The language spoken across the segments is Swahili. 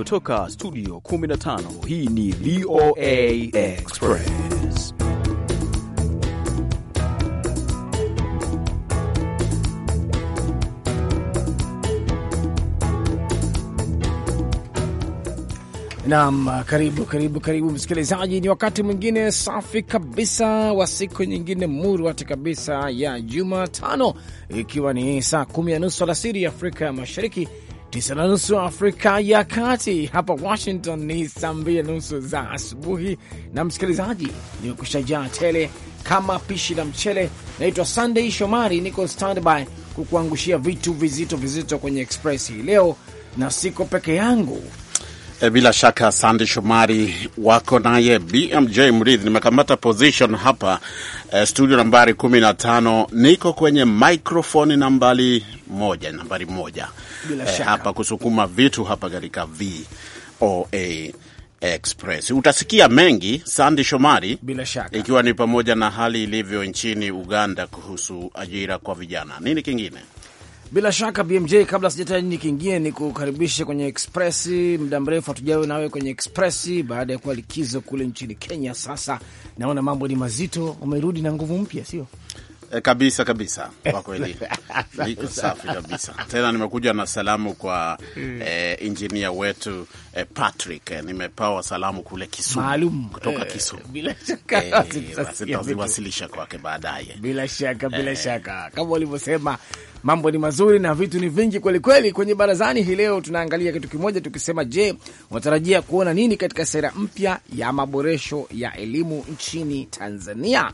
kutoka studio 15 hii ni VOA Express nam karibu karibu karibu msikilizaji ni wakati mwingine safi kabisa wa siku nyingine murwati kabisa ya jumatano ikiwa ni saa kumi na nusu alasiri ya afrika ya mashariki tisa na nusu Afrika ya Kati. Hapa Washington ni saa mbili na nusu za asubuhi. Na msikilizaji, nimekusha jaa tele kama pishi la mchele. Naitwa Sunday Shomari, niko standby kukuangushia vitu vizito vizito kwenye Express hii leo, na siko peke yangu E, bila shaka sandi Shomari wako naye BMJ Mridhi. Nimekamata position hapa e, studio nambari 15 niko kwenye microphone nambari moja, nambari moja e, hapa kusukuma vitu hapa katika VOA Express utasikia mengi Sandi Shomari, bila shaka, ikiwa ni pamoja na hali ilivyo nchini Uganda kuhusu ajira kwa vijana. Nini kingine? Bila shaka BMJ, kabla sijataja nini kingine, ni kukaribisha kwenye Express. Muda mrefu hatujawe nawe kwenye Express baada ya kuwa likizo kule nchini Kenya. Sasa naona mambo ni mazito, umerudi na nguvu mpya, sio? E, kabisa kabisa, kwa kweli iko safi kabisa. Tena nimekuja na salamu kwa e, eh, injinia wetu e, Patrick. Nimepawa salamu kule Kisumu maalum kutoka Kisumu, bila shaka kwake baadaye. Bila shaka, bila shaka, kama walivyosema mambo ni mazuri na vitu ni vingi kweli kweli. Kwenye barazani hii leo tunaangalia kitu kimoja tukisema, je, unatarajia kuona nini katika sera mpya ya maboresho ya elimu nchini Tanzania?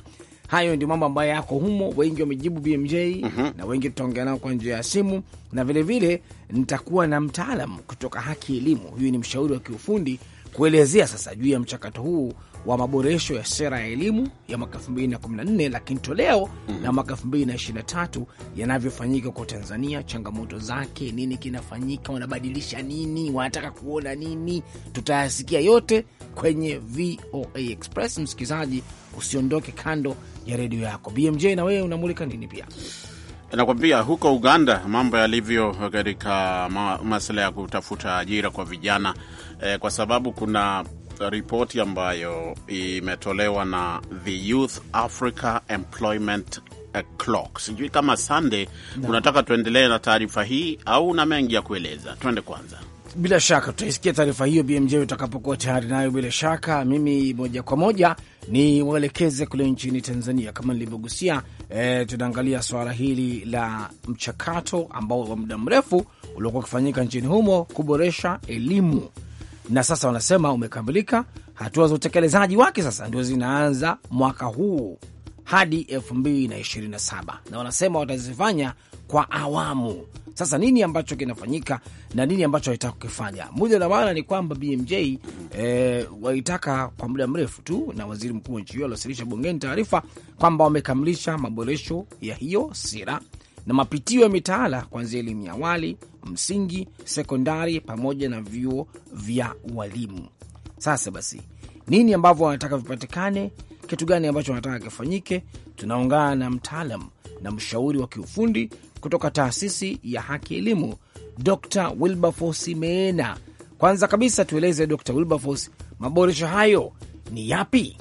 Hayo ndio mambo ambayo yako humo, wengi wamejibu BMJ mm -hmm. na wengi tutaongea nao kwa njia ya simu, na vilevile nitakuwa na mtaalam kutoka Haki Elimu, huyu ni mshauri wa kiufundi kuelezea sasa juu ya mchakato huu wa maboresho ya sera ya elimu ya mwaka 2014 lakini toleo mm -hmm. na mwaka 2023 yanavyofanyika kwa Tanzania, changamoto zake, nini kinafanyika, wanabadilisha nini, wanataka kuona nini. Tutayasikia yote kwenye VOA Express. Msikilizaji, usiondoke kando ya redio yako. BMJ, na wewe unamulika nini? Pia nakwambia huko Uganda mambo yalivyo katika ma masuala ya kutafuta ajira kwa vijana eh, kwa sababu kuna ripoti ambayo imetolewa na The Youth Africa Employment o'clock. Sijui kama Sande unataka tuendelee na taarifa hii au na mengi ya kueleza. Tuende kwanza bila shaka tutaisikia taarifa hiyo BMJ utakapokuwa tayari nayo. Bila shaka mimi moja kwa moja ni waelekeze kule nchini Tanzania. Kama nilivyogusia, e, tunaangalia swala hili la mchakato ambao wa muda mrefu uliokuwa ukifanyika nchini humo kuboresha elimu, na sasa wanasema umekamilika. Hatua za utekelezaji wake sasa ndio zinaanza mwaka huu hadi 2027 na wanasema watazifanya kwa awamu. Sasa nini ambacho kinafanyika na nini ambacho walitaka kukifanya? Moja la maana ni kwamba BMJ e, eh, walitaka kwa muda mrefu tu, na waziri mkuu wa nchi hiyo aliwasilisha bungeni taarifa kwamba wamekamilisha maboresho ya hiyo sera na mapitio ya mitaala kuanzia elimu ya awali, msingi, sekondari pamoja na vyuo vya walimu. Sasa basi, nini ambavyo wanataka vipatikane kitu gani ambacho wanataka kifanyike. Tunaungana na mtaalam na mshauri wa kiufundi kutoka taasisi ya Haki Elimu, Dr Wilberforce Meena. Kwanza kabisa tueleze Dr Wilberforce, maboresho hayo ni yapi?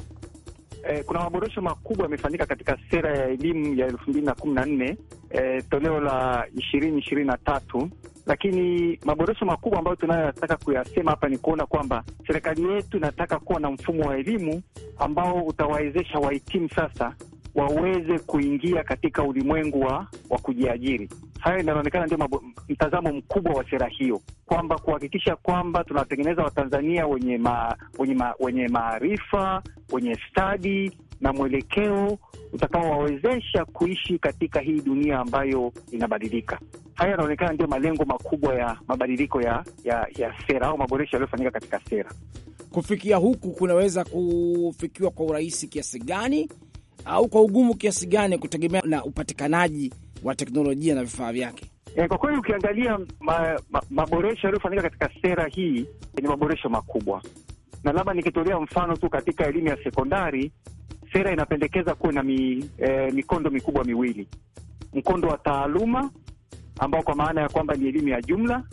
Eh, kuna maboresho makubwa yamefanyika katika sera ya elimu ya elfu mbili na kumi na nne eh, toleo la ishirini ishirini na tatu lakini maboresho makubwa ambayo tunayotaka kuyasema hapa ni kuona kwamba serikali yetu inataka kuwa na mfumo wa elimu ambao utawawezesha wahitimu sasa waweze kuingia katika ulimwengu wa wa kujiajiri. Hayo inaonekana ndio mtazamo mkubwa wa sera hiyo, kwamba kuhakikisha kwamba tunawatengeneza Watanzania wenye ma, wenye ma, wenye maarifa wenye stadi na mwelekeo utakaowawezesha kuishi katika hii dunia ambayo inabadilika. Haya yanaonekana ndio malengo makubwa ya mabadiliko ya, ya, ya sera au maboresho yaliyofanyika katika sera. Kufikia huku kunaweza kufikiwa kwa urahisi kiasi gani au kwa ugumu kiasi gani, kutegemea na upatikanaji wa teknolojia na vifaa vyake. E, kwa kweli ukiangalia ma, ma, maboresho yaliyofanyika katika sera hii ni maboresho makubwa, na labda nikitolea mfano tu katika elimu ya sekondari sera inapendekeza kuwe na mi, eh, mikondo mikubwa miwili, mkondo wa taaluma ambao kwa maana ya kwamba ni elimu ya jumla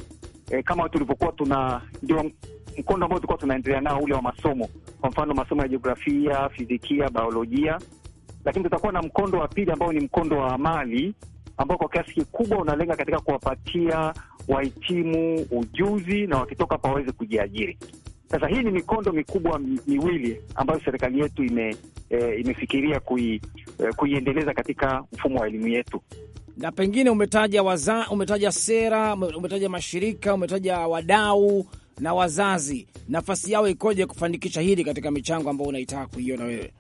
eh, kama tulivyokuwa tuna ndio mkondo ambao tulikuwa tunaendelea nao ule wa masomo, kwa mfano masomo ya jiografia, fizikia, biolojia. Lakini tutakuwa na mkondo wa pili ambao ni mkondo wa amali ambao kwa kiasi kikubwa unalenga katika kuwapatia wahitimu ujuzi na wakitoka hapa waweze kujiajiri. Sasa hii ni mikondo mikubwa miwili ambayo serikali yetu ime eh, imefikiria kui, eh, kuiendeleza katika mfumo wa elimu yetu. Na pengine umetaja waza, umetaja sera, umetaja mashirika, umetaja wadau na wazazi, nafasi yao ikoje kufanikisha hili katika michango ambayo unaitaka kuiona wewe?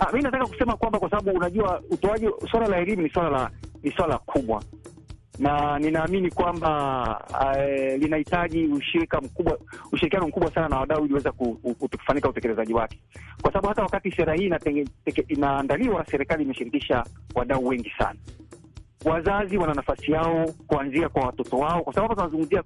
Ah, Mi nataka kusema kwamba kwa sababu unajua utoaji, swala la elimu ni swala la ni swala kubwa na ninaamini kwamba uh, linahitaji ushirika mkubwa, ushirikiano mkubwa sana na wadau ili uweza kufanyika utekelezaji wake, kwa sababu hata wakati sera hii inaandaliwa, serikali imeshirikisha wadau wengi sana. Wazazi wana nafasi yao kuanzia kwa watoto wao, kwa sababu tunazungumzia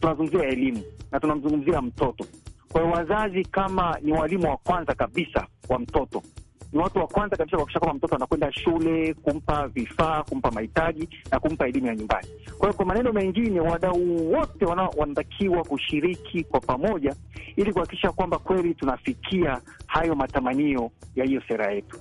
tunazungumzia elimu na tunamzungumzia mtoto. Kwa hiyo wazazi kama ni walimu wa kwanza kabisa wa mtoto, ni watu wa kwanza kabisa kuhakikisha kwamba mtoto anakwenda shule, kumpa vifaa, kumpa mahitaji na kumpa elimu ya nyumbani. Kwa hiyo, kwa maneno mengine, wadau wote wanatakiwa kushiriki kwa pamoja ili kuhakikisha kwamba kweli tunafikia hayo matamanio ya hiyo sera yetu.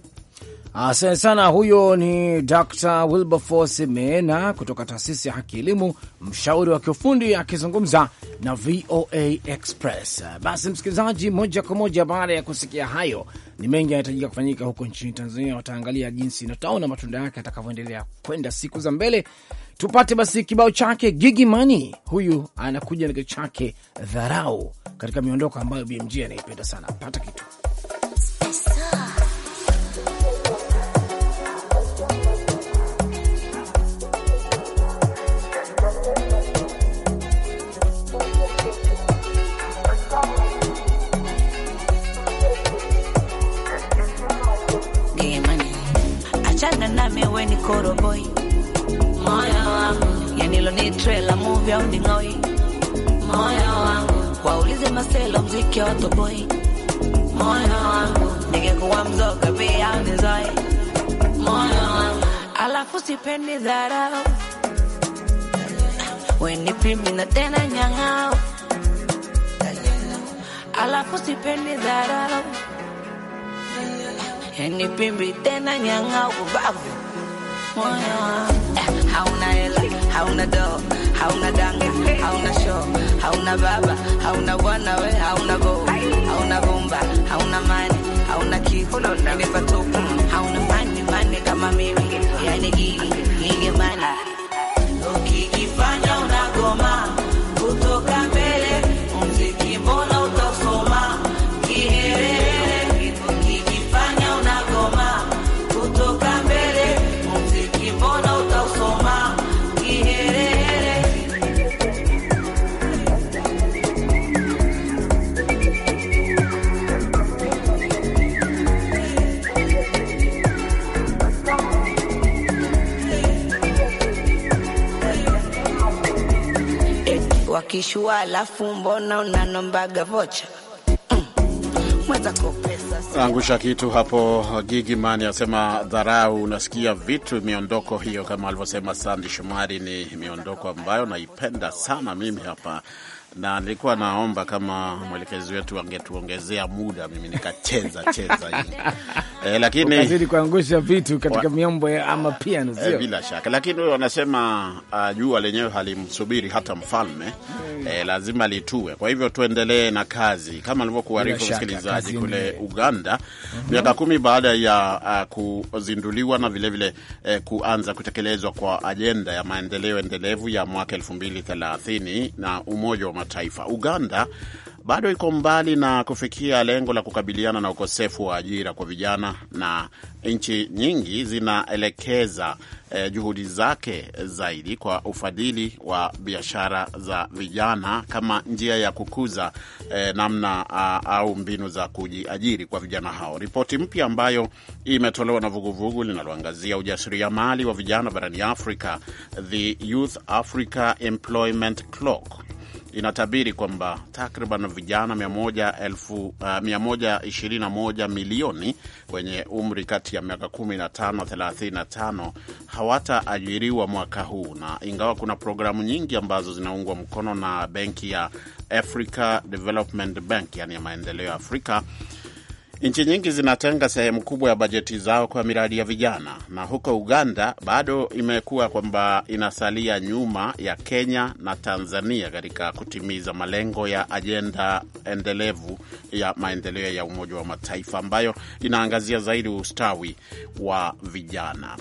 Asante sana. Huyo ni Dr Wilberforce Meena kutoka taasisi ya Haki Elimu, mshauri wa kiufundi akizungumza na VOA Express. Basi msikilizaji, moja kwa moja baada ya kusikia hayo, ni mengi yanahitajika kufanyika huko nchini Tanzania. Wataangalia jinsi na tutaona matunda yake atakavyoendelea kwenda siku za mbele. Tupate basi kibao chake Gigi Mani, huyu anakuja na kitu chake dharau, katika miondoko ambayo BMG anaipenda sana. Pata kitu Achana nami we ni koroboi, moyo wangu yani lo ni trailer movie au ni ngoi, moyo wangu waulize maselo mziki watoboi, moyo wangu ningekuwa mzoga pia au nizoe, moyo wangu alafu sipendi dharau, we ni pimi na tena nyang'ao, alafu sipendi dharau Enipimbi tena nyanga ubavu moyo eh, hauna hela, hauna do, hauna danga, hauna show, hauna baba, hauna bwana we, hauna go, hauna bomba, hauna mani, hauna kitu, nipatupu, yaani hauna mani mani kama mimi, yani gili, ninge mani ukikifanya unagoma kutoka kishua, alafu mbona unanombaga vocha mm. angusha kitu hapo. Gigi Mani asema dharau, unasikia vitu miondoko hiyo, kama alivyosema Sandi Shumari, ni miondoko ambayo naipenda sana mimi hapa na nilikuwa naomba kama mwelekezi wetu angetuongezea muda, mimi nikacheza cheza hii e, eh, lakini ukazidi kuangusha vitu katika miombo ya ama pia eh, sio bila shaka. Lakini huyo wanasema ah, jua lenyewe halimsubiri hata mfalme e, lazima litue. Kwa hivyo tuendelee na kazi kama alivyokuarifu msikilizaji kule Uganda mhm. miaka mm -hmm. kumi baada ya uh, kuzinduliwa na vilevile vile, kuanza kutekelezwa kwa ajenda ya maendeleo endelevu ya mwaka elfu mbili thelathini na Umoja wa Mataifa. Uganda bado iko mbali na kufikia lengo la kukabiliana na ukosefu wa ajira kwa vijana, na nchi nyingi zinaelekeza eh, juhudi zake zaidi kwa ufadhili wa biashara za vijana kama njia ya kukuza eh, namna uh, au mbinu za kujiajiri kwa vijana hao. Ripoti mpya ambayo imetolewa na vuguvugu linaloangazia ujasiriamali wa vijana barani Afrika, the Youth Africa Employment Clock inatabiri kwamba takriban vijana 121 uh, milioni wenye umri kati ya miaka 15 na 35 hawataajiriwa mwaka huu, na ingawa kuna programu nyingi ambazo zinaungwa mkono na benki ya Africa Development Bank, yani ya maendeleo ya Afrika Nchi nyingi zinatenga sehemu kubwa ya bajeti zao kwa miradi ya vijana, na huko Uganda bado imekuwa kwamba inasalia nyuma ya Kenya na Tanzania katika kutimiza malengo ya ajenda endelevu ya maendeleo ya Umoja wa Mataifa ambayo inaangazia zaidi ustawi wa vijana.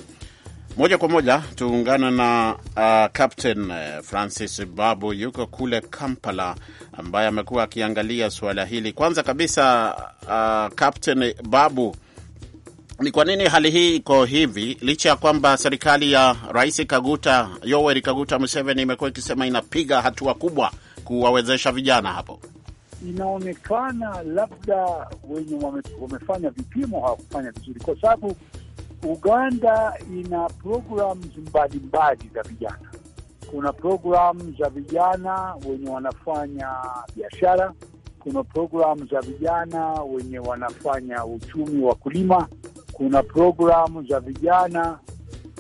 Moja kwa moja tuungana na uh, Captain uh, Francis Babu yuko kule Kampala, ambaye amekuwa akiangalia suala hili. Kwanza kabisa, uh, Captain Babu, ni kwa nini hali hii iko hivi licha ya kwamba serikali ya Rais Kaguta Yoweri Kaguta Museveni imekuwa ikisema inapiga hatua kubwa kuwawezesha vijana hapo? Inaonekana labda wenye wame, wamefanya vipimo hawakufanya vizuri, kwa sababu Uganda ina programs mbalimbali za vijana. Kuna programu za vijana wenye wanafanya biashara, kuna programu za vijana wenye wanafanya uchumi wa kulima, kuna programu za vijana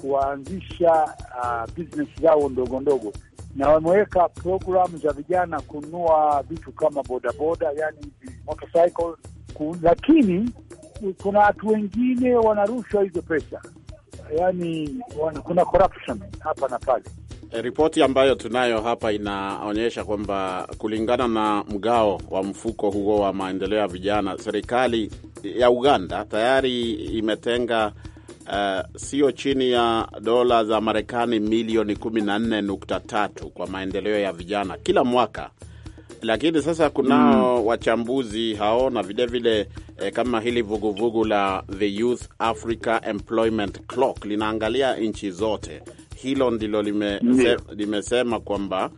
kuanzisha uh, business zao ndogo ndogo, na wameweka programu za vijana kununua vitu kama bodaboda, yani motorcycle, lakini kuna watu wengine wanarushwa hizo pesa, yaani kuna corruption hapa na pale. Eh, ripoti ambayo tunayo hapa inaonyesha kwamba kulingana na mgao wa mfuko huo wa maendeleo ya vijana, serikali ya Uganda tayari imetenga uh, sio chini ya dola za Marekani milioni 14.3 kwa maendeleo ya vijana kila mwaka lakini sasa kunao mm, wachambuzi hao na vilevile eh, kama hili vuguvugu la The Youth Africa Employment Clock linaangalia nchi zote, hilo ndilo lime, mm, lime limesema kwamba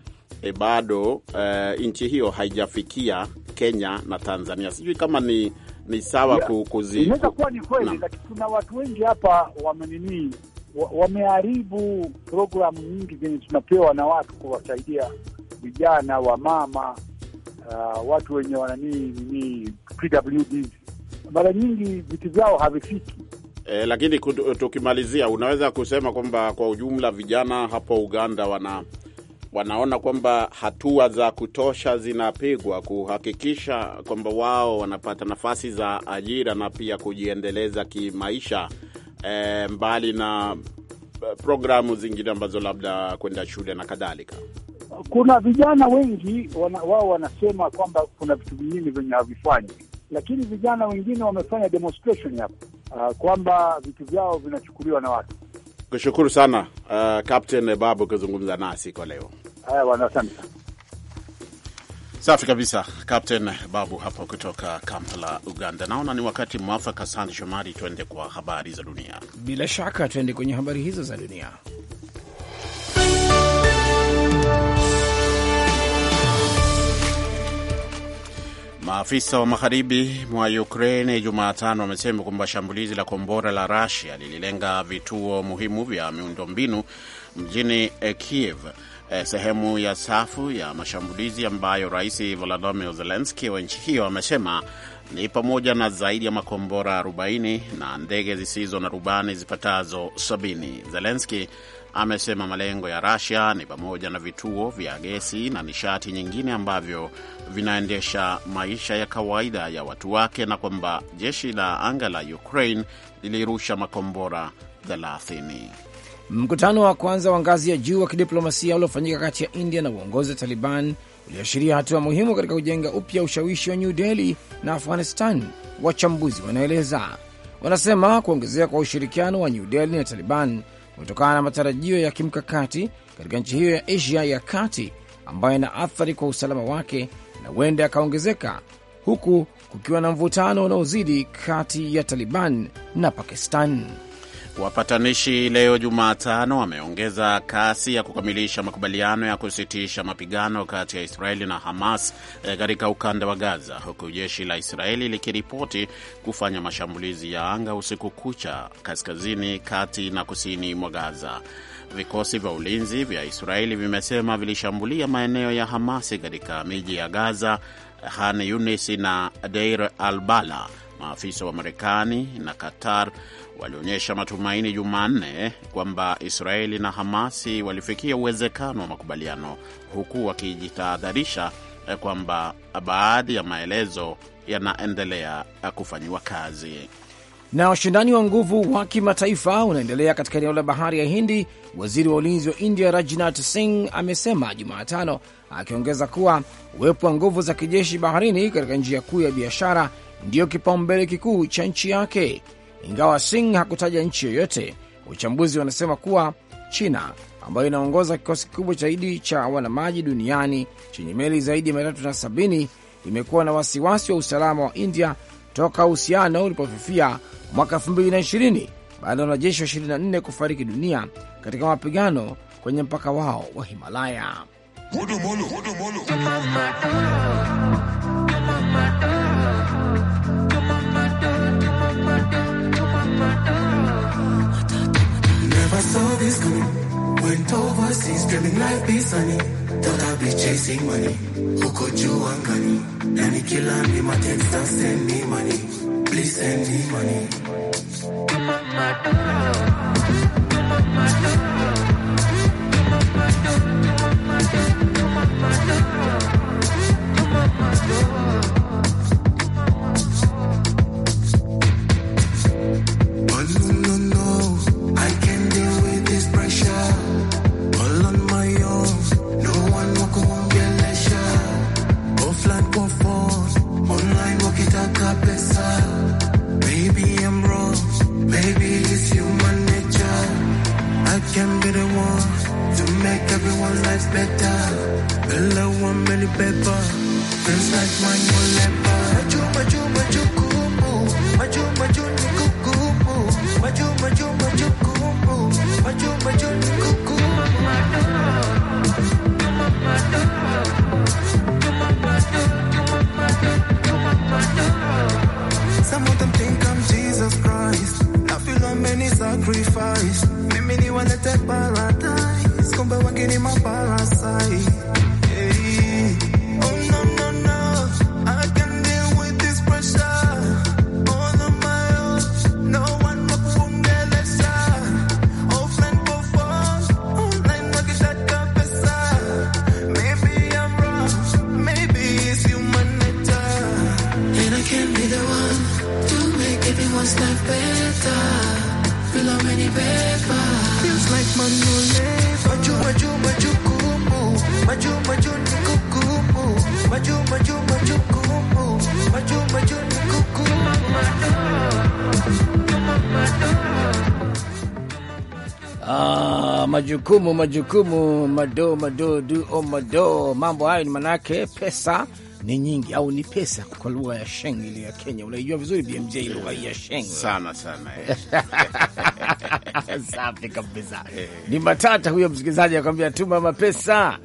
eh, bado eh, nchi hiyo haijafikia Kenya na Tanzania. Sijui kama ni ni sawa yeah, kuzi inaweza kuwa ni kweli, lakini kuna watu wengi hapa wamenini wameharibu programu nyingi zenye tunapewa na watu kuwasaidia vijana wa mama uh, watu wenye wananii nini PWD mara nyingi vitu vyao havifiki. E, lakini tukimalizia, unaweza kusema kwamba kwa ujumla vijana hapo Uganda wana wanaona kwamba hatua za kutosha zinapigwa kuhakikisha kwamba wao wanapata nafasi za ajira na pia kujiendeleza kimaisha, e, mbali na eh, programu zingine ambazo labda kwenda shule na kadhalika kuna vijana wengi wao wanasema kwamba kuna vitu vingine vyenye havifanyi, lakini vijana wengine wamefanya demonstration hapa uh, kwamba vitu vyao vinachukuliwa na watu. Kushukuru sana uh, Captain Babu kuzungumza nasi kwa leo. Haya bwana, asante sana. Safi kabisa, Captain Babu hapo kutoka Kampala, Uganda. Naona ni wakati mwafaka, Sande Shomari, tuende kwa habari za dunia. Bila shaka tuende kwenye habari hizo za dunia. Maafisa wa magharibi mwa Ukraine Jumatano wamesema kwamba shambulizi la kombora la Rusia lililenga vituo muhimu vya miundombinu mjini eh, Kiev, eh, sehemu ya safu ya mashambulizi ambayo Rais Volodymyr Zelenski wa nchi hiyo amesema ni pamoja na zaidi ya makombora 40 na ndege zisizo na rubani zipatazo 70. Zelenski amesema malengo ya Russia ni pamoja na vituo vya gesi na nishati nyingine ambavyo vinaendesha maisha ya kawaida ya watu wake na kwamba jeshi la anga la Ukraine lilirusha makombora 30. Mkutano wa kwanza wa ngazi ya juu wa kidiplomasia uliofanyika kati ya India na uongozi wa Taliban uliashiria hatua muhimu katika kujenga upya ushawishi wa New Delhi na Afghanistan. Wachambuzi wanaeleza, wanasema kuongezeka kwa ushirikiano wa New Delhi na Taliban kutokana na matarajio ya kimkakati katika nchi hiyo ya Asia ya kati ambayo ina athari kwa usalama wake na huenda yakaongezeka, huku kukiwa na mvutano unaozidi kati ya Taliban na Pakistan. Wapatanishi leo Jumatano wameongeza kasi ya kukamilisha makubaliano ya kusitisha mapigano kati ya Israeli na Hamas eh, katika ukanda wa Gaza, huku jeshi la Israeli likiripoti kufanya mashambulizi ya anga usiku kucha kaskazini, kati na kusini mwa Gaza. Vikosi vya ulinzi vya Israeli vimesema vilishambulia maeneo ya Hamasi katika miji ya Gaza, Han Yunis na Deir al Bala. Maafisa wa Marekani na Qatar walionyesha matumaini Jumanne kwamba Israeli na Hamasi walifikia uwezekano wa makubaliano, huku wakijitahadharisha eh, kwamba baadhi ya maelezo yanaendelea eh, kufanyiwa kazi. Na ushindani wa nguvu wa kimataifa unaendelea katika eneo la bahari ya Hindi, waziri wa ulinzi wa India Rajnath Singh amesema Jumatano, akiongeza kuwa uwepo wa nguvu za kijeshi baharini katika njia kuu ya biashara ndiyo kipaumbele kikuu cha nchi yake. Ingawa Singh hakutaja nchi yoyote, uchambuzi wanasema kuwa China ambayo inaongoza kikosi kikubwa zaidi cha wanamaji duniani chenye meli zaidi ya mia tatu na sabini imekuwa na wasiwasi wa usalama wa India toka uhusiano ulipofifia mwaka 2020 baada ya wanajeshi wa 24 kufariki dunia katika mapigano kwenye mpaka wao wa Himalaya. Mulu, mulu, mulu, oh. mulu. is coming. Went overseas, dreaming life be sunny. Thought I'd be chasing money. Huko juu angani. Na nikila mlima Texas, send me money. Please send me money. Mama, Mama, Mama. better. A low one, many paper. Feels like mine will never. majukumu majukumu mado mado du o mado mambo hayo, ni manake pesa ni nyingi au ni pesa kwa lugha ya sheng ile ya Kenya. Unaijua vizuri BMJ, lugha hii ya sheng sana sana. Eh. Safi kabisa, ni matata huyo msikilizaji akwambia, tuma mapesa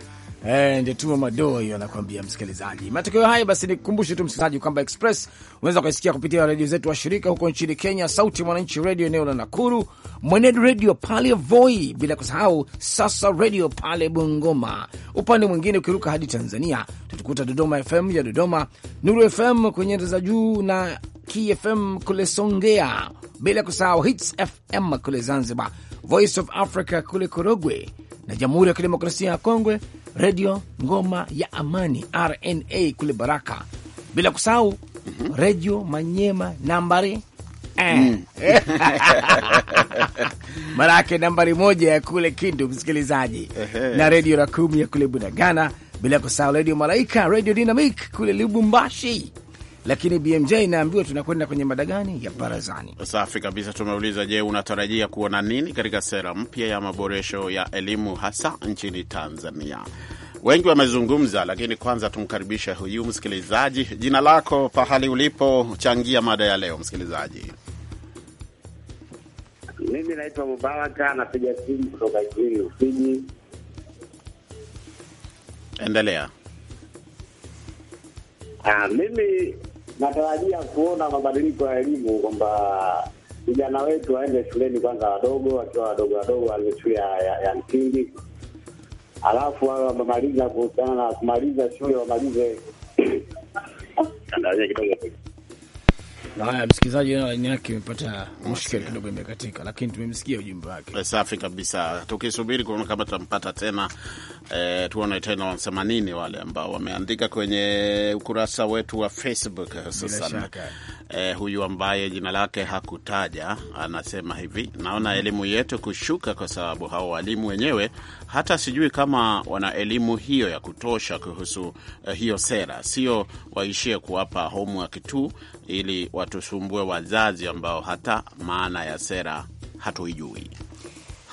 Eh, ndio tu madoa hiyo anakuambia msikilizaji. Matokeo haya basi nikukumbushe tu msikilizaji kwamba Express unaweza kuisikia kupitia redio zetu wa shirika huko nchini Kenya, Sauti Mwananchi Radio eneo la Nakuru, Mwenedu Radio pale Voi, bila kusahau Sasa Radio pale Bungoma. Upande mwingine ukiruka hadi Tanzania, tutakuta Dodoma FM ya Dodoma, Nuru FM kwenye za juu na KFM kule Songea, bila kusahau Hits FM kule Zanzibar, Voice of Africa kule Korogwe na Jamhuri ya Kidemokrasia ya Kongwe redio ngoma ya amani RNA kule Baraka, bila kusahau mm -hmm. redio Manyema nambari eh. Mm. nambari moja ya kule Kindu, msikilizaji na redio Rakumi ya kule Bunagana, bila kusahau redio Malaika, redio Dinamik kule Lubumbashi lakini BMJ inaambiwa tunakwenda kwenye mada gani ya barazani. Safi kabisa. Tumeuliza, je, unatarajia kuona nini katika sera mpya ya maboresho ya elimu hasa nchini Tanzania? Wengi wamezungumza, lakini kwanza tumkaribishe huyu msikilizaji. Jina lako, pahali ulipo, changia mada ya leo, msikilizaji. Mimi naitwa Mubaraka, napiga simu kutoka nchini Ufiji. Endelea. Ah, mimi natarajia kuona mabadiliko ya elimu kwamba vijana wetu waende shuleni kwanza, wadogo wakiwa wadogo wadogo, waende shule ya msingi, alafu wao wamemaliza kuhusiana na kumaliza shule wamalize Haya, msikilizaji, laini yake imepata mushkeli kidogo, imekatika, lakini tumemsikia ujumbe wake. Safi kabisa, tukisubiri kuona kama tutampata tena E, tuone tena wanasema nini wale ambao wameandika kwenye ukurasa wetu wa Facebook hususan. Eh, e, eh, huyu ambaye jina lake hakutaja anasema hivi, naona elimu yetu kushuka kwa sababu hao walimu wenyewe hata sijui kama wana elimu hiyo ya kutosha kuhusu eh, hiyo sera, sio waishie kuwapa homework tu ili watusumbue wazazi ambao hata maana ya sera hatuijui.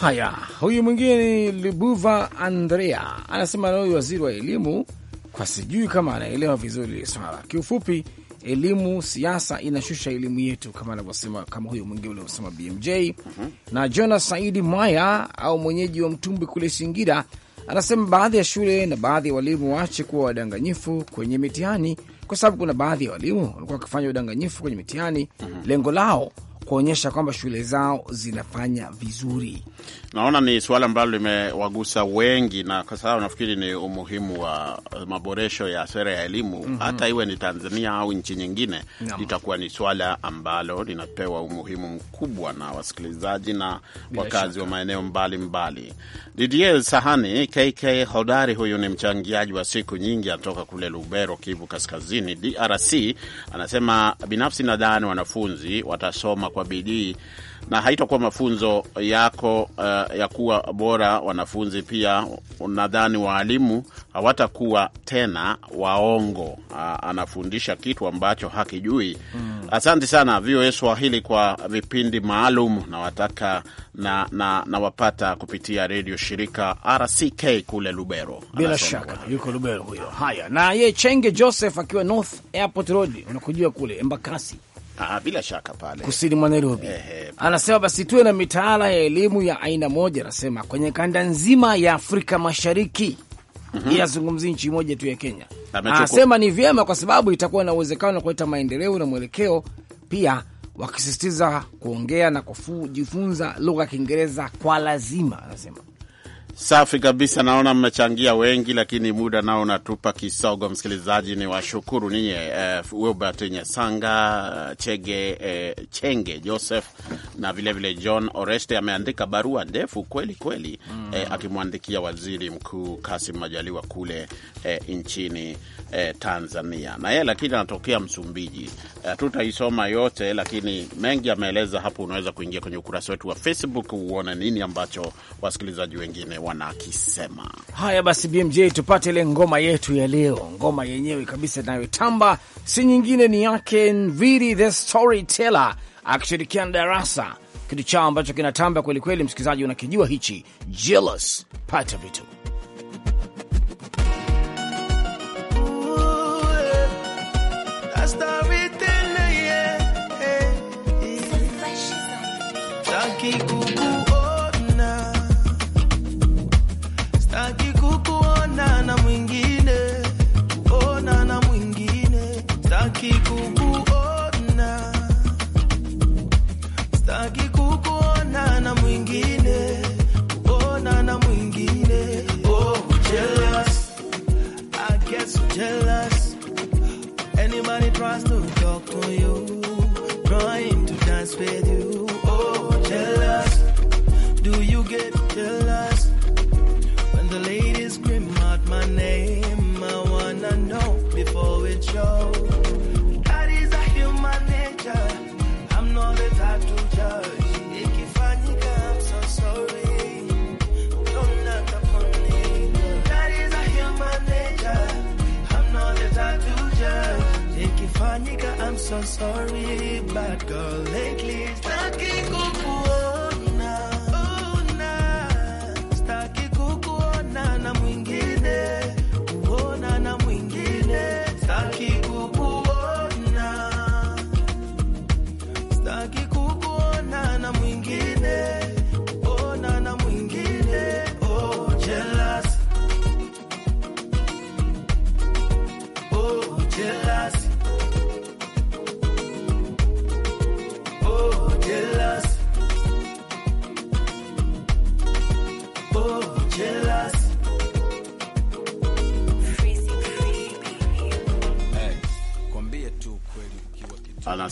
Haya, huyu mwingine ni libuva Andrea, anasema huyu waziri wa elimu kwa, sijui kama anaelewa vizuri ile swala. Kiufupi, elimu siasa inashusha elimu yetu, kama anavyosema, kama huyo mwingine uliosema BMJ. Uh-huh. Mhm. Na Jonas Saidi Mwaya au mwenyeji wa Mtumbwi kule Singida anasema baadhi ya shule na baadhi ya walimu waache kuwa wadanganyifu kwenye mitihani, kwa sababu kuna baadhi ya walimu walikuwa wakifanya udanganyifu kwenye mitihani. Uh-huh. lengo lao kuonyesha kwamba shule zao zinafanya vizuri. Naona ni suala ambalo limewagusa wengi, na kwa sababu nafikiri ni umuhimu wa maboresho ya sera ya elimu mm -hmm. hata iwe ni Tanzania au nchi nyingine, litakuwa ni swala ambalo linapewa umuhimu mkubwa na wasikilizaji na wakazi wa maeneo mbalimbali. Didier Sahani KK Hodari, huyu ni mchangiaji wa siku nyingi, anatoka kule Lubero, Kivu Kaskazini, DRC, anasema binafsi nadhani wanafunzi watasoma kwa bidii na haitakuwa mafunzo yako uh, ya kuwa bora. Wanafunzi pia nadhani waalimu hawatakuwa tena waongo. Uh, anafundisha kitu ambacho hakijui. mm. Asante sana VOA Swahili kwa vipindi maalum nawataka na, na, na kupitia redio shirika RCK kule Lubero. Bila shaka yuko Lubero huyo. Haya, na ye Chenge Joseph akiwa North Airport Road, unakujua kule Embakasi Aa, ah, ah, bila shaka pale kusini mwa Nairobi. Eh, eh, anasema basi tuwe na mitaala ya elimu ya aina moja, anasema kwenye kanda nzima ya Afrika Mashariki. Mm -hmm. Yazungumzi nchi moja tu ya Kenya. Anasema ni vyema kwa sababu itakuwa na uwezekano kuleta maendeleo na mwelekeo pia wakisisitiza kuongea na kujifunza lugha ya Kiingereza kwa lazima, anasema Safi kabisa, naona mmechangia wengi, lakini muda nao unatupa kisogo. Msikilizaji, ni washukuru ninyi uh, Wilbert Nyasanga Chege, uh, Chenge Joseph na vilevile vile John Oreste ameandika barua ndefu kweli kweli, mm. eh, akimwandikia waziri mkuu Kasim Majaliwa kule eh, nchini eh, Tanzania na yeye, lakini anatokea Msumbiji. Hatutaisoma eh, uh, yote, lakini mengi ameeleza hapo. Unaweza kuingia kwenye ukurasa wetu wa Facebook uone nini ambacho wasikilizaji wengine wanakisema. Haya basi, BMJ, tupate ile ngoma yetu ya leo. Ngoma yenyewe kabisa inayotamba si nyingine, ni yake Nviri the Storyteller akishirikiana na Darasa, kitu chao ambacho kinatamba kwelikweli. Msikilizaji, unakijua hichi Jealous, pata vitu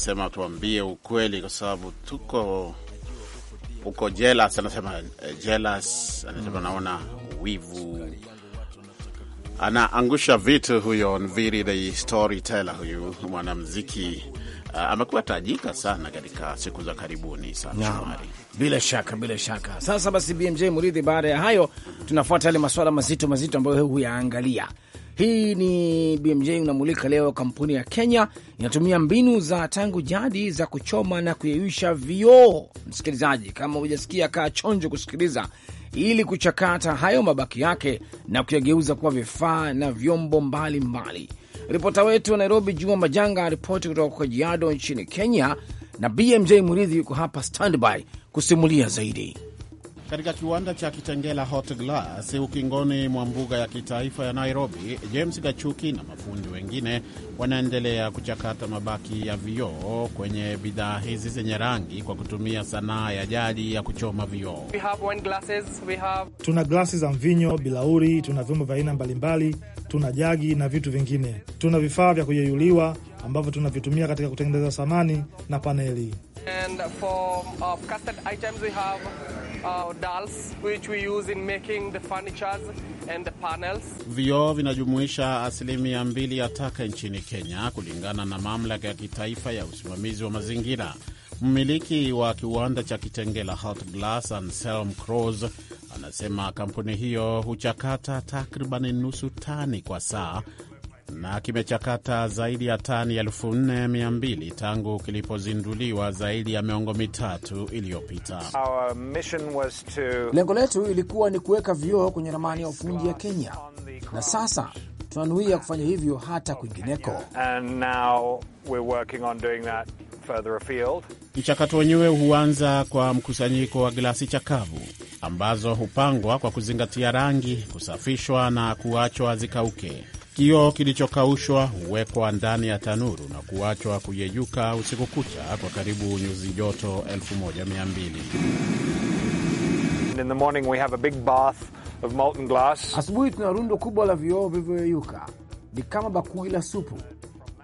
anasema tuambie ukweli, kwa sababu tuko uko jealous, anasema eh, jealous, anasema mm. naona wivu, anaangusha vitu huyo. Nviri the storyteller huyu mwanamziki uh, ah, amekuwa tajika sana katika siku za karibuni sana Bila shaka bila shaka. Sasa basi, BMJ Muridhi, baada ya hayo tunafuata yale masuala mazito mazito ambayo huyaangalia hii ni BMJ unamulika leo. Kampuni ya Kenya inatumia mbinu za tangu jadi za kuchoma na kuyeyusha vioo. Msikilizaji, kama hujasikia, kaa chonjo kusikiliza, ili kuchakata hayo mabaki yake na kuyageuza kuwa vifaa na vyombo mbalimbali. Ripota wetu wa Nairobi, Juma Majanga, aripoti kutoka Kajiado nchini Kenya, na BMJ Muridhi yuko hapa standby kusimulia zaidi. Katika kiwanda cha Kitengela Hot Glass ukingoni mwa mbuga ya kitaifa ya Nairobi, James Gachuki na mafundi wengine wanaendelea kuchakata mabaki ya vioo kwenye bidhaa hizi zenye rangi kwa kutumia sanaa ya jadi ya kuchoma vioo. have... tuna glasi za mvinyo, bilauri, tuna vyombo vya aina mbalimbali, tuna jagi na vitu vingine. Tuna vifaa vya kuyeyuliwa ambavyo tunavitumia katika kutengeneza samani na paneli. And for uh, custard items, we have uh, dolls, which we use in making the furnitures and the panels. Vioo vinajumuisha asilimia mbili ya taka nchini Kenya kulingana na mamlaka ya kitaifa ya usimamizi wa mazingira. Mmiliki wa kiwanda cha Kitengela Hot Glass Anselm Cross anasema kampuni hiyo huchakata takribani nusu tani kwa saa na kimechakata zaidi ya tani 4200 tangu kilipozinduliwa zaidi ya miongo mitatu iliyopita. to... lengo letu ilikuwa ni kuweka vioo kwenye ramani ya ufundi ya Kenya, na sasa tunanuia kufanya hivyo hata kwingineko. Mchakato wenyewe huanza kwa mkusanyiko wa glasi chakavu ambazo hupangwa kwa kuzingatia rangi, kusafishwa na kuachwa zikauke. Kioo kilichokaushwa huwekwa ndani ya tanuru na kuachwa kuyeyuka usiku kucha kwa karibu nyuzi joto 1200. Asubuhi tuna rundo kubwa la vioo vilivyoyeyuka, ni kama bakuli la supu,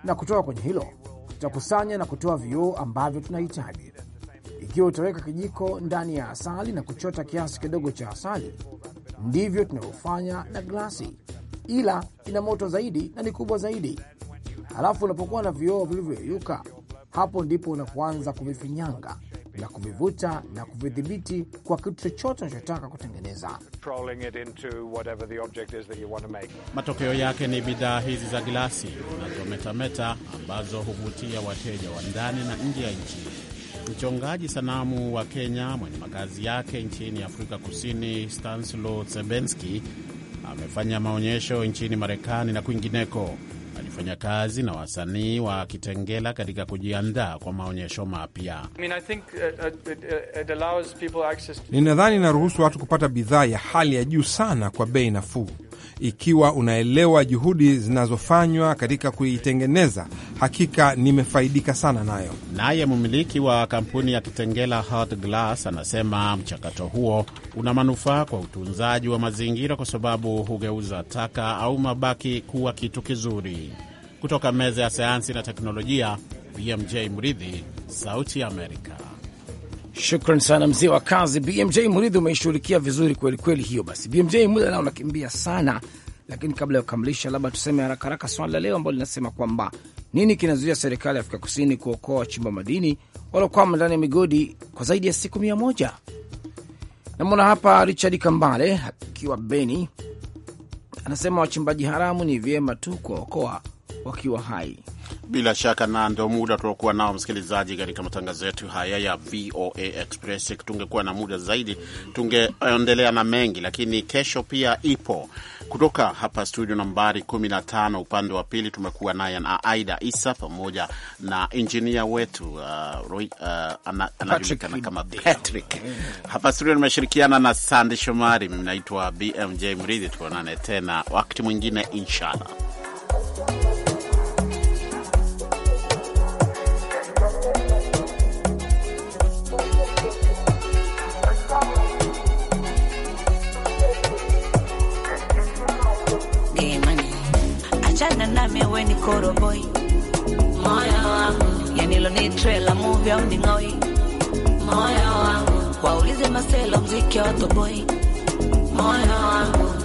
na kutoka kwenye hilo tutakusanya na kutoa vioo ambavyo tunahitaji. Ikiwa utaweka kijiko ndani ya asali na kuchota kiasi kidogo cha asali, ndivyo tunavyofanya na glasi ila ina moto zaidi na ni kubwa zaidi. Halafu unapokuwa na vioo vilivyoyeyuka, hapo ndipo unapoanza kuvifinyanga na kuvivuta na kuvidhibiti kwa kitu chochote unachotaka kutengeneza. Matokeo yake ni bidhaa hizi za glasi zinazometameta ambazo huvutia wateja wa ndani na nje ya nchi. Mchongaji sanamu wa Kenya mwenye makazi yake nchini Afrika Kusini, Stanslo Sebenski amefanya maonyesho nchini Marekani na kwingineko. Alifanya kazi na wasanii wa Kitengela katika kujiandaa kwa maonyesho mapya. I mean, uh, uh, uh, to... ninadhani inaruhusu watu kupata bidhaa ya hali ya juu sana kwa bei nafuu. Ikiwa unaelewa juhudi zinazofanywa katika kuitengeneza, hakika nimefaidika sana nayo. Naye mmiliki wa kampuni ya Kitengela Hot Glass anasema mchakato huo una manufaa kwa utunzaji wa mazingira kwa sababu hugeuza taka au mabaki kuwa kitu kizuri. Kutoka meza ya sayansi na teknolojia, BMJ Mridhi, Sauti ya Amerika. Shukran sana mzee wa kazi BMJ Muridhi, umeishughulikia vizuri kweli kweli. Hiyo basi, BMJ, muda nao unakimbia sana, lakini kabla ya kukamilisha, labda tuseme haraka haraka swala la leo ambalo linasema kwamba nini kinazuia serikali ya Afrika Kusini kuokoa wachimba madini waliokwama ndani ya migodi kwa zaidi ya siku mia moja. Namwona hapa Richard Kambale akiwa Beni, anasema wachimbaji haramu ni vyema tu kuwaokoa wakiwa hai. Bila shaka na ndio muda tunaokuwa nao, msikilizaji, katika matangazo yetu haya ya VOA Express. Tungekuwa na muda zaidi, tungeendelea na mengi, lakini kesho pia ipo kutoka hapa studio nambari 15 upande wa pili tumekuwa naye na Aida Isa pamoja na injinia wetu uh, uh, ana, anajulikana kama Patrick hapa studio. Nimeshirikiana na Sandi Shomari, mimi naitwa BMJ Mridhi. Tuonane tena wakati mwingine inshallah. koroboi, moyo wangu yani lo ni trela movie au ni ngoi, moyo wangu waulize maselo mziki wa toboi, moyo wangu